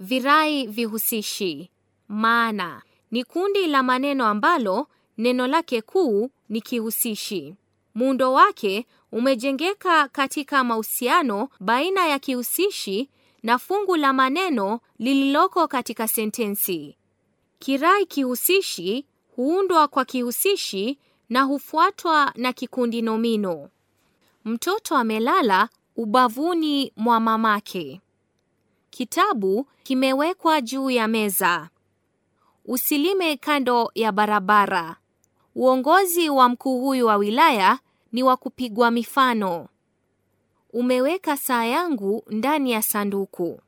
Virai vihusishi maana ni kundi la maneno ambalo neno lake kuu ni kihusishi. Muundo wake umejengeka katika mahusiano baina ya kihusishi na fungu la maneno lililoko katika sentensi. Kirai kihusishi huundwa kwa kihusishi na hufuatwa na kikundi nomino. Mtoto amelala ubavuni mwa mamake. Kitabu kimewekwa juu ya meza. Usilime kando ya barabara. Uongozi wa mkuu huyu wa wilaya ni wa kupigwa mifano. Umeweka saa yangu ndani ya sanduku.